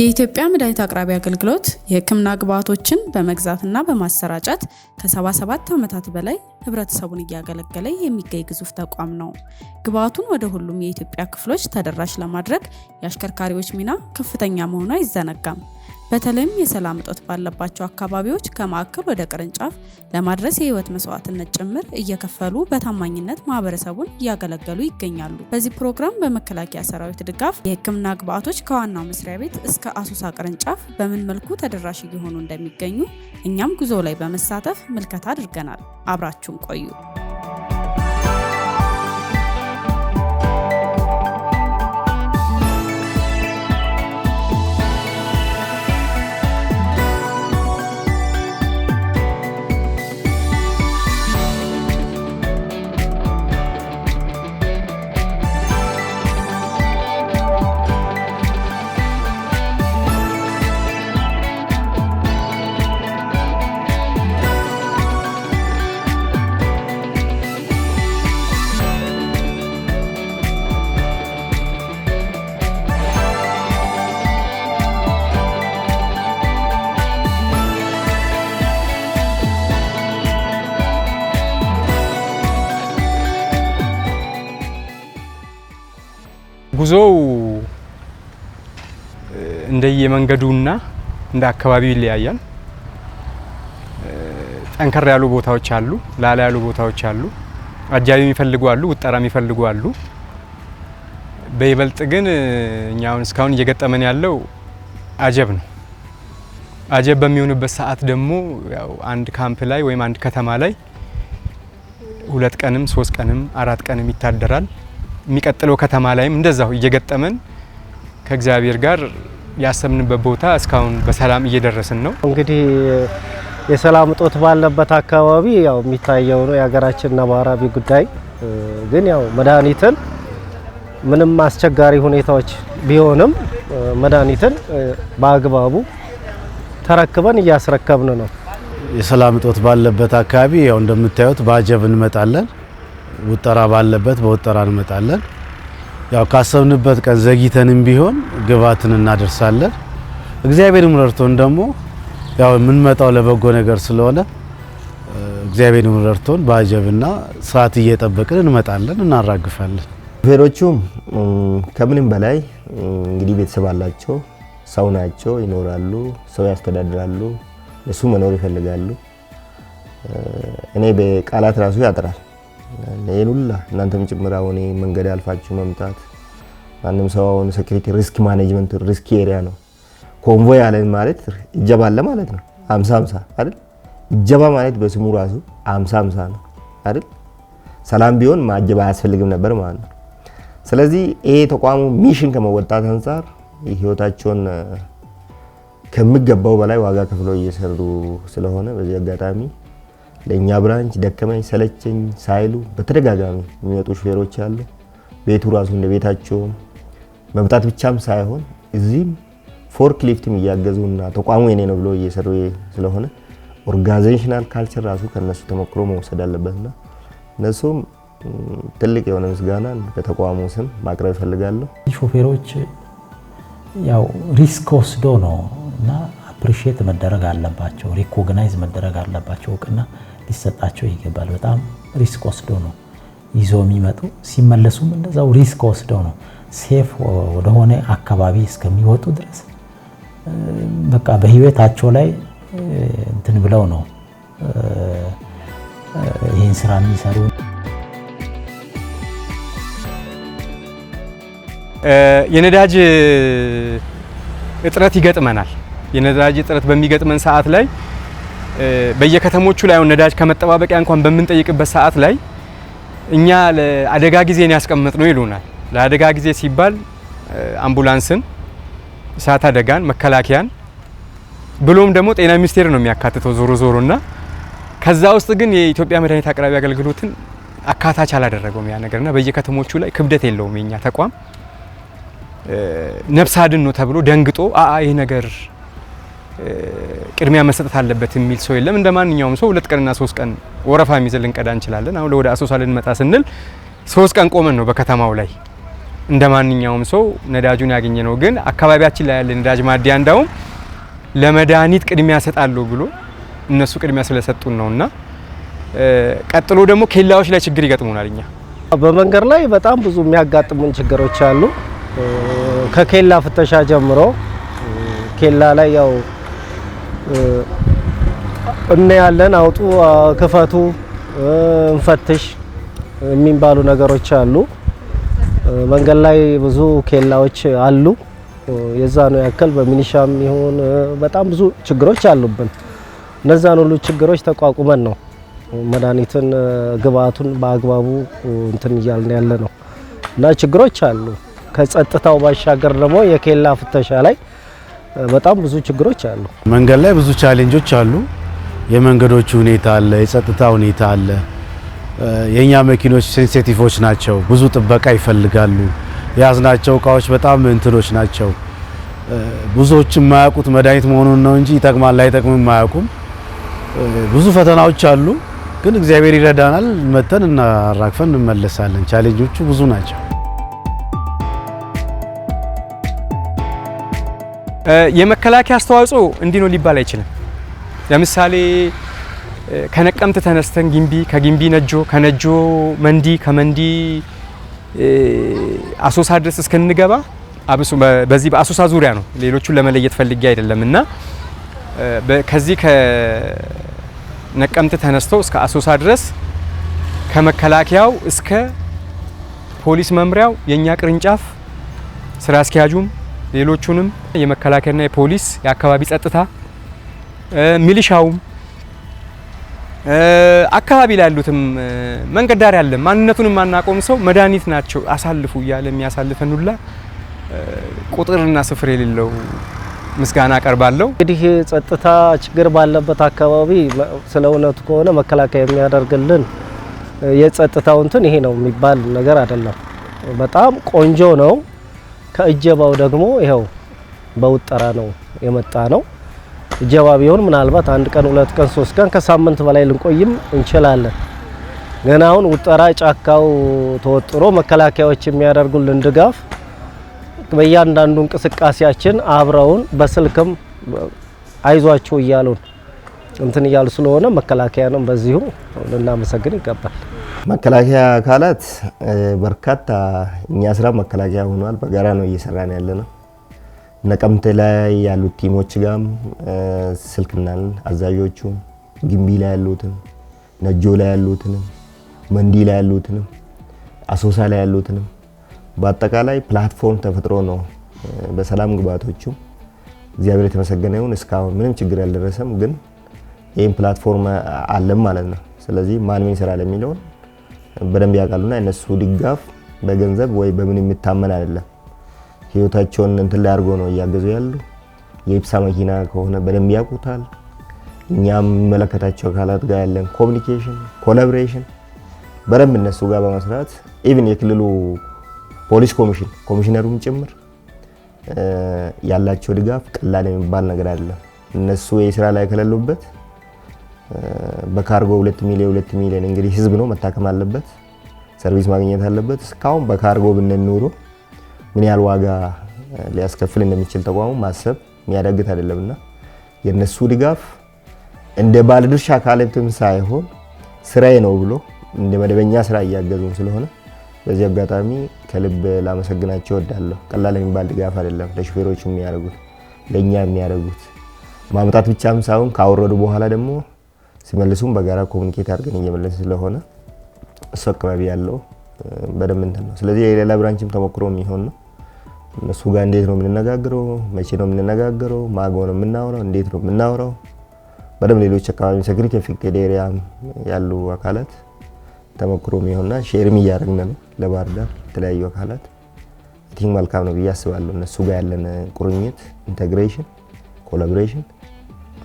የኢትዮጵያ መድኃኒት አቅራቢ አገልግሎት የሕክምና ግብዓቶችን በመግዛትና በማሰራጨት ከ77 ዓመታት በላይ ህብረተሰቡን እያገለገለ የሚገኝ ግዙፍ ተቋም ነው። ግብዓቱን ወደ ሁሉም የኢትዮጵያ ክፍሎች ተደራሽ ለማድረግ የአሽከርካሪዎች ሚና ከፍተኛ መሆኑ አይዘነጋም። በተለይም የሰላም እጦት ባለባቸው አካባቢዎች ከማዕከል ወደ ቅርንጫፍ ለማድረስ የህይወት መስዋዕትነት ጭምር እየከፈሉ በታማኝነት ማህበረሰቡን እያገለገሉ ይገኛሉ። በዚህ ፕሮግራም በመከላከያ ሰራዊት ድጋፍ የህክምና ግብአቶች ከዋናው መስሪያ ቤት እስከ አሶሳ ቅርንጫፍ በምን መልኩ ተደራሽ እየሆኑ እንደሚገኙ እኛም ጉዞ ላይ በመሳተፍ ምልከታ አድርገናል። አብራችሁን ቆዩ። ጉዞው እንደየመንገዱና እንደ አካባቢው ይለያያል። ጠንከር ያሉ ቦታዎች አሉ፣ ላላ ያሉ ቦታዎች አሉ፣ አጃቢ የሚፈልጉ አሉ፣ ውጠራ የሚፈልጉ አሉ። በይበልጥ ግን እኛ አሁን እስካሁን እየገጠመን ያለው አጀብ ነው። አጀብ በሚሆንበት ሰዓት ደግሞ ያው አንድ ካምፕ ላይ ወይም አንድ ከተማ ላይ ሁለት ቀንም ሶስት ቀንም አራት ቀንም ይታደራል። የሚቀጥለው ከተማ ላይም እንደዛው እየገጠመን ከእግዚአብሔር ጋር ያሰብንበት ቦታ እስካሁን በሰላም እየደረስን ነው። እንግዲህ የሰላም እጦት ባለበት አካባቢ ያው የሚታየው ነው የሀገራችን ነባራዊ ጉዳይ። ግን ያው መድኃኒትን ምንም አስቸጋሪ ሁኔታዎች ቢሆንም መድኃኒትን በአግባቡ ተረክበን እያስረከብን ነው። የሰላም እጦት ባለበት አካባቢ ያው እንደምታዩት በአጀብ እንመጣለን። ውጠራ ባለበት በውጠራ እንመጣለን። ያው ካሰብንበት ቀን ዘግይተንም ቢሆን ግባትን እናደርሳለን። እግዚአብሔርም ረድቶን ደግሞ ያው የምንመጣው ለበጎ ነገር ስለሆነ እግዚአብሔርም ረድቶን በአጀብና ሰዓት እየጠበቅን እንመጣለን፣ እናራግፋለን። ሹፌሮቹ ከምንም በላይ እንግዲህ ቤተሰብ አላቸው፣ ሰው ናቸው፣ ይኖራሉ፣ ሰው ያስተዳድራሉ፣ እሱ መኖር ይፈልጋሉ። እኔ በቃላት ራሱ ያጥራል ይሄን ሁላ እናንተም ጭምር አሁን መንገድ አልፋችሁ መምጣት ማንም ሰው አሁን ሴኩሪቲ ሪስክ ማኔጅመንት ሪስክ ኤሪያ ነው። ኮንቮይ አለን ማለት እጀባ አለ ማለት ነው። አምሳ አምሳ አይደል? እጀባ ማለት በስሙ ራሱ አምሳ አምሳ ነው አይደል? ሰላም ቢሆን ማጀባ አያስፈልግም ነበር ማለት ነው። ስለዚህ ይሄ ተቋሙ ሚሽን ከመወጣት አንጻር ህይወታቸውን ከሚገባው በላይ ዋጋ ከፍለው እየሰሩ ስለሆነ በዚህ አጋጣሚ ለእኛ ብራንች ደከመኝ ሰለቸኝ ሳይሉ በተደጋጋሚ የሚመጡ ሹፌሮች አሉ። ቤቱ ራሱ እንደ ቤታቸው መምጣት ብቻም ሳይሆን እዚህም ፎርክ ሊፍትም እና ተቋሙ የኔ ነው ብሎ እየሰሩ ስለሆነ ኦርጋናይዜሽናል ካልቸር ራሱ ከነሱ ተሞክሮ መውሰድ አለበትና እነሱም ትልቅ የሆነ ምስጋና በተቋሙ ስም ማቅረብ ይፈልጋለሁ። ሾፌሮች ያው ሪስክ ወስዶ ነው እና አፕሪሺየት መደረግ አለባቸው፣ ሪኮግናይዝ መደረግ አለባቸው እውቅና ሊሰጣቸው ይገባል። በጣም ሪስክ ወስደው ነው ይዞ የሚመጡ ሲመለሱም እንደዛው ሪስክ ወስደው ነው ሴፍ ወደሆነ አካባቢ እስከሚወጡ ድረስ በቃ በህይወታቸው ላይ እንትን ብለው ነው ይህን ስራ የሚሰሩ። የነዳጅ እጥረት ይገጥመናል። የነዳጅ እጥረት በሚገጥመን ሰዓት ላይ በየከተሞቹ ላይ ነዳጅ ከመጠባበቂያ እንኳን በምንጠይቅበት ሰዓት ላይ እኛ ለአደጋ ጊዜ ነው ያስቀመጥነው ይሉናል። ለአደጋ ጊዜ ሲባል አምቡላንስን፣ እሳት አደጋን፣ መከላከያን ብሎም ደግሞ ጤና ሚኒስቴር ነው የሚያካትተው ዞሮ ዞሮ እና ከዛ ውስጥ ግን የኢትዮጵያ መድኃኒት አቅራቢ አገልግሎትን አካታች አላደረገውም ያ እና በየከተሞቹ ላይ ክብደት የለውም የኛ ተቋም ነፍስ አድን ነው ተብሎ ደንግጦ አ ይህ ነገር ቅድሚያ መሰጠት አለበት የሚል ሰው የለም። እንደ ማንኛውም ሰው ሁለት ቀንና ሶስት ቀን ወረፋ የሚዘል እንቀዳ እንችላለን። አሁን ወደ አሶሳ ልንመጣ ስንል ሶስት ቀን ቆመን ነው በከተማው ላይ እንደ ማንኛውም ሰው ነዳጁን ያገኘ ነው። ግን አካባቢያችን ላይ ያለ ነዳጅ ማዲያ እንዳውም ለመድኃኒት ቅድሚያ ሰጣለሁ ብሎ እነሱ ቅድሚያ ስለሰጡን ነውና ቀጥሎ ደግሞ ኬላዎች ላይ ችግር ይገጥሙናል። እኛ በመንገድ ላይ በጣም ብዙ የሚያጋጥሙን ችግሮች አሉ። ከኬላ ፍተሻ ጀምሮ ኬላ ላይ ያው እናያለን። አውጡ፣ ክፈቱ፣ እንፈትሽ የሚባሉ ነገሮች አሉ። መንገድ ላይ ብዙ ኬላዎች አሉ። የዛ ነው ያክል በሚኒሻም ይሁን በጣም ብዙ ችግሮች አሉብን። እነዛን ሁሉ ችግሮች ተቋቁመን ነው መድኃኒትን ግብአቱን በአግባቡ እንትን እያልን ያለ ነው እና ችግሮች አሉ። ከጸጥታው ባሻገር ደግሞ የኬላ ፍተሻ ላይ በጣም ብዙ ችግሮች አሉ። መንገድ ላይ ብዙ ቻሌንጆች አሉ። የመንገዶቹ ሁኔታ አለ፣ የጸጥታ ሁኔታ አለ። የእኛ መኪኖች ሴንሴቲቮች ናቸው፣ ብዙ ጥበቃ ይፈልጋሉ። የያዝናቸው እቃዎች በጣም እንትኖች ናቸው። ብዙዎች የማያውቁት መድኃኒት መሆኑን ነው እንጂ ይጠቅማል ላይጠቅምም አያውቁም። ብዙ ፈተናዎች አሉ፣ ግን እግዚአብሔር ይረዳናል። መተን እናራግፈን እንመለሳለን። ቻሌንጆቹ ብዙ ናቸው። የመከላከያ አስተዋጽኦ እንዲህ ነው ሊባል አይችልም። ለምሳሌ ከነቀምት ተነስተን ግንቢ፣ ከግንቢ ነጆ፣ ከነጆ መንዲ፣ ከመንዲ አሶሳ ድረስ እስክንገባ አብሶ በዚህ በአሶሳ ዙሪያ ነው። ሌሎቹን ለመለየት ፈልጌ አይደለም እና ከዚህ ከነቀምት ተነስቶ እስከ አሶሳ ድረስ ከመከላከያው እስከ ፖሊስ መምሪያው የእኛ ቅርንጫፍ ስራ አስኪያጁም ሌሎቹንም የመከላከያና የፖሊስ የአካባቢ ጸጥታ ሚሊሻውም አካባቢ ላይ ያሉትም መንገድ ዳር ያለ ማንነቱንም ማናቆም ሰው መድኃኒት ናቸው አሳልፉ እያለ የሚያሳልፈን ሁላ ቁጥርና ስፍር የሌለው ምስጋና አቀርባለሁ። እንግዲህ ጸጥታ ችግር ባለበት አካባቢ ስለ እውነቱ ከሆነ መከላከያ የሚያደርግልን የጸጥታው እንትን ይሄ ነው የሚባል ነገር አይደለም። በጣም ቆንጆ ነው። ከእጀባው ደግሞ ይኸው በውጠራ ነው የመጣ ነው። እጀባ ቢሆን ምናልባት አንድ ቀን ሁለት ቀን ሶስት ቀን ከሳምንት በላይ ልንቆይም እንችላለን። ገና አሁን ውጠራ ጫካው ተወጥሮ መከላከያዎች የሚያደርጉልን ድጋፍ በእያንዳንዱ እንቅስቃሴያችን አብረውን በስልክም አይዟቸው እያሉን እንትን እያሉ ስለሆነ ነው በዚሁ ልናመሰግን ይገባል። መከላከያ አካላት በርካታ እኛ ስራ መከላከያ ሆኗል። በጋራ ነው እየሰራን ያለ ነው። ነቀምት ላይ ያሉት ቲሞች ጋም ስልክናል አዛዦቹ ግንቢ ላይ ያሉትን፣ ነጆ ላይ ያሉትንም፣ መንዲ ላይ ያሉትንም፣ አሶሳ ላይ ያሉትንም በአጠቃላይ ፕላትፎርም ተፈጥሮ ነው። በሰላም ግባቶቹ እግዚአብሔር የተመሰገነ ይሁን። እስካሁን ምንም ችግር ያልደረሰም፣ ግን ይህም ፕላትፎርም አለም ማለት ነው። ስለዚህ ማን ምን ይሰራል የሚለውን በደንብ ያውቃሉና የነሱ ድጋፍ በገንዘብ ወይ በምን የሚታመን አይደለም። ህይወታቸውን እንትን ላይ አድርጎ ነው እያገዙ ያሉ። የኢብሳ መኪና ከሆነ በደንብ ያውቁታል። እኛም የሚመለከታቸው አካላት ጋር ያለን ኮሚኒኬሽን፣ ኮላቦሬሽን በደንብ እነሱ ጋር በመስራት ኢቭን የክልሉ ፖሊስ ኮሚሽን ኮሚሽነሩም ጭምር ያላቸው ድጋፍ ቀላል የሚባል ነገር አይደለም። እነሱ የስራ ላይ ከሌሉበት በካርጎ ሁለት ሚሊዮን ሁለት ሚሊዮን እንግዲህ ህዝብ ነው መታከም አለበት፣ ሰርቪስ ማግኘት አለበት። እስካሁን በካርጎ ብነን ኑሮ ምን ያህል ዋጋ ሊያስከፍል እንደሚችል ተቋሙ ማሰብ የሚያዳግት አይደለምና የነሱ ድጋፍ እንደ ባለድርሻ አካላትም ሳይሆን ስራዬ ነው ብሎ እንደ መደበኛ ስራ እያገዙን ስለሆነ በዚህ አጋጣሚ ከልብ ላመሰግናቸው እወዳለሁ። ቀላል የሚባል ድጋፍ አይደለም ለሹፌሮቹ የሚያደርጉት ለእኛ የሚያደርጉት ማምጣት ብቻም ሳይሆን ካወረዱ በኋላ ደግሞ ሲመልሱም በጋራ ኮሚኒኬት አድርገን እየመለስ ስለሆነ እሱ አካባቢ ያለው በደንብ እንትን ነው። ስለዚህ የሌላ ብራንችም ተሞክሮ የሚሆን ነው። እነሱ ጋር እንዴት ነው የምንነጋግረው? መቼ ነው የምንነጋግረው? ማጎ ነው የምናውረው? እንዴት ነው የምናውረው? በደንብ ሌሎች አካባቢ ሴኩሪቲ አፌክትድ ኤሪያ ያሉ አካላት ተሞክሮ የሚሆንና ሼርም እያደረግን ነው ለባህር ዳር የተለያዩ አካላት ቲንክ መልካም ነው ብዬ አስባለሁ። እነሱ ጋር ያለን ቁርኝት፣ ኢንተግሬሽን፣ ኮላቦሬሽን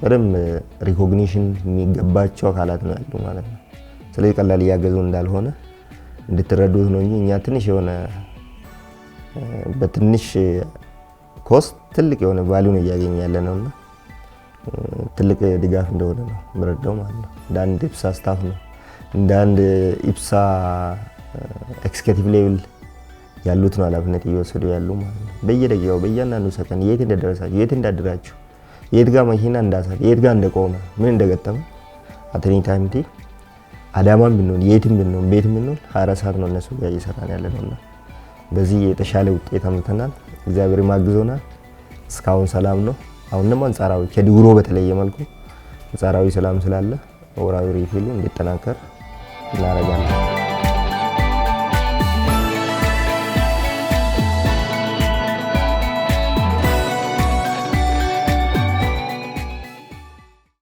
በደንብ ሪኮግኒሽን የሚገባቸው አካላት ነው ያሉ ማለት ነው። ስለዚህ ቀላል እያገዙ እንዳልሆነ እንድትረዱት ነው እንጂ እኛ ትንሽ የሆነ በትንሽ ኮስት ትልቅ የሆነ ቫሊዩን እያገኘ ያለ ነው እና ትልቅ ድጋፍ እንደሆነ ነው የምረዳው ማለት ነው። እንደ አንድ ኢፕሳ ስታፍ ነው እንደ አንድ ኢፕሳ ኤክስኬቲቭ ሌቭል ያሉት ነው ኃላፊነት እየወሰዱ ያሉ ማለት ነው። በየደቂቃው በእያንዳንዱ ሰከንድ የት እንደደረሳችሁ የት እንዳድራችሁ የት ጋር መኪና እንዳሳለ የት ጋር እንደቆመ ምን እንደገጠመ አትሪንታሚቲ አዳማም ብንሆን የትም ብንሆን ቤትም ብንሆን ሀያ አራት ሰዓት ነው እነሱ ጋር እየሰራን ያለ ነውና በዚህ የተሻለ ውጤት አምጥተናል። እግዚአብሔር ማግዞናል። እስካሁን ሰላም ነው። አሁን ደግሞ አንጻራዊ ከድሮ በተለየ መልኩ አንጻራዊ ሰላም ስላለ ወራዊ ሪፊሉ እንዲጠናከር እናደርጋለን።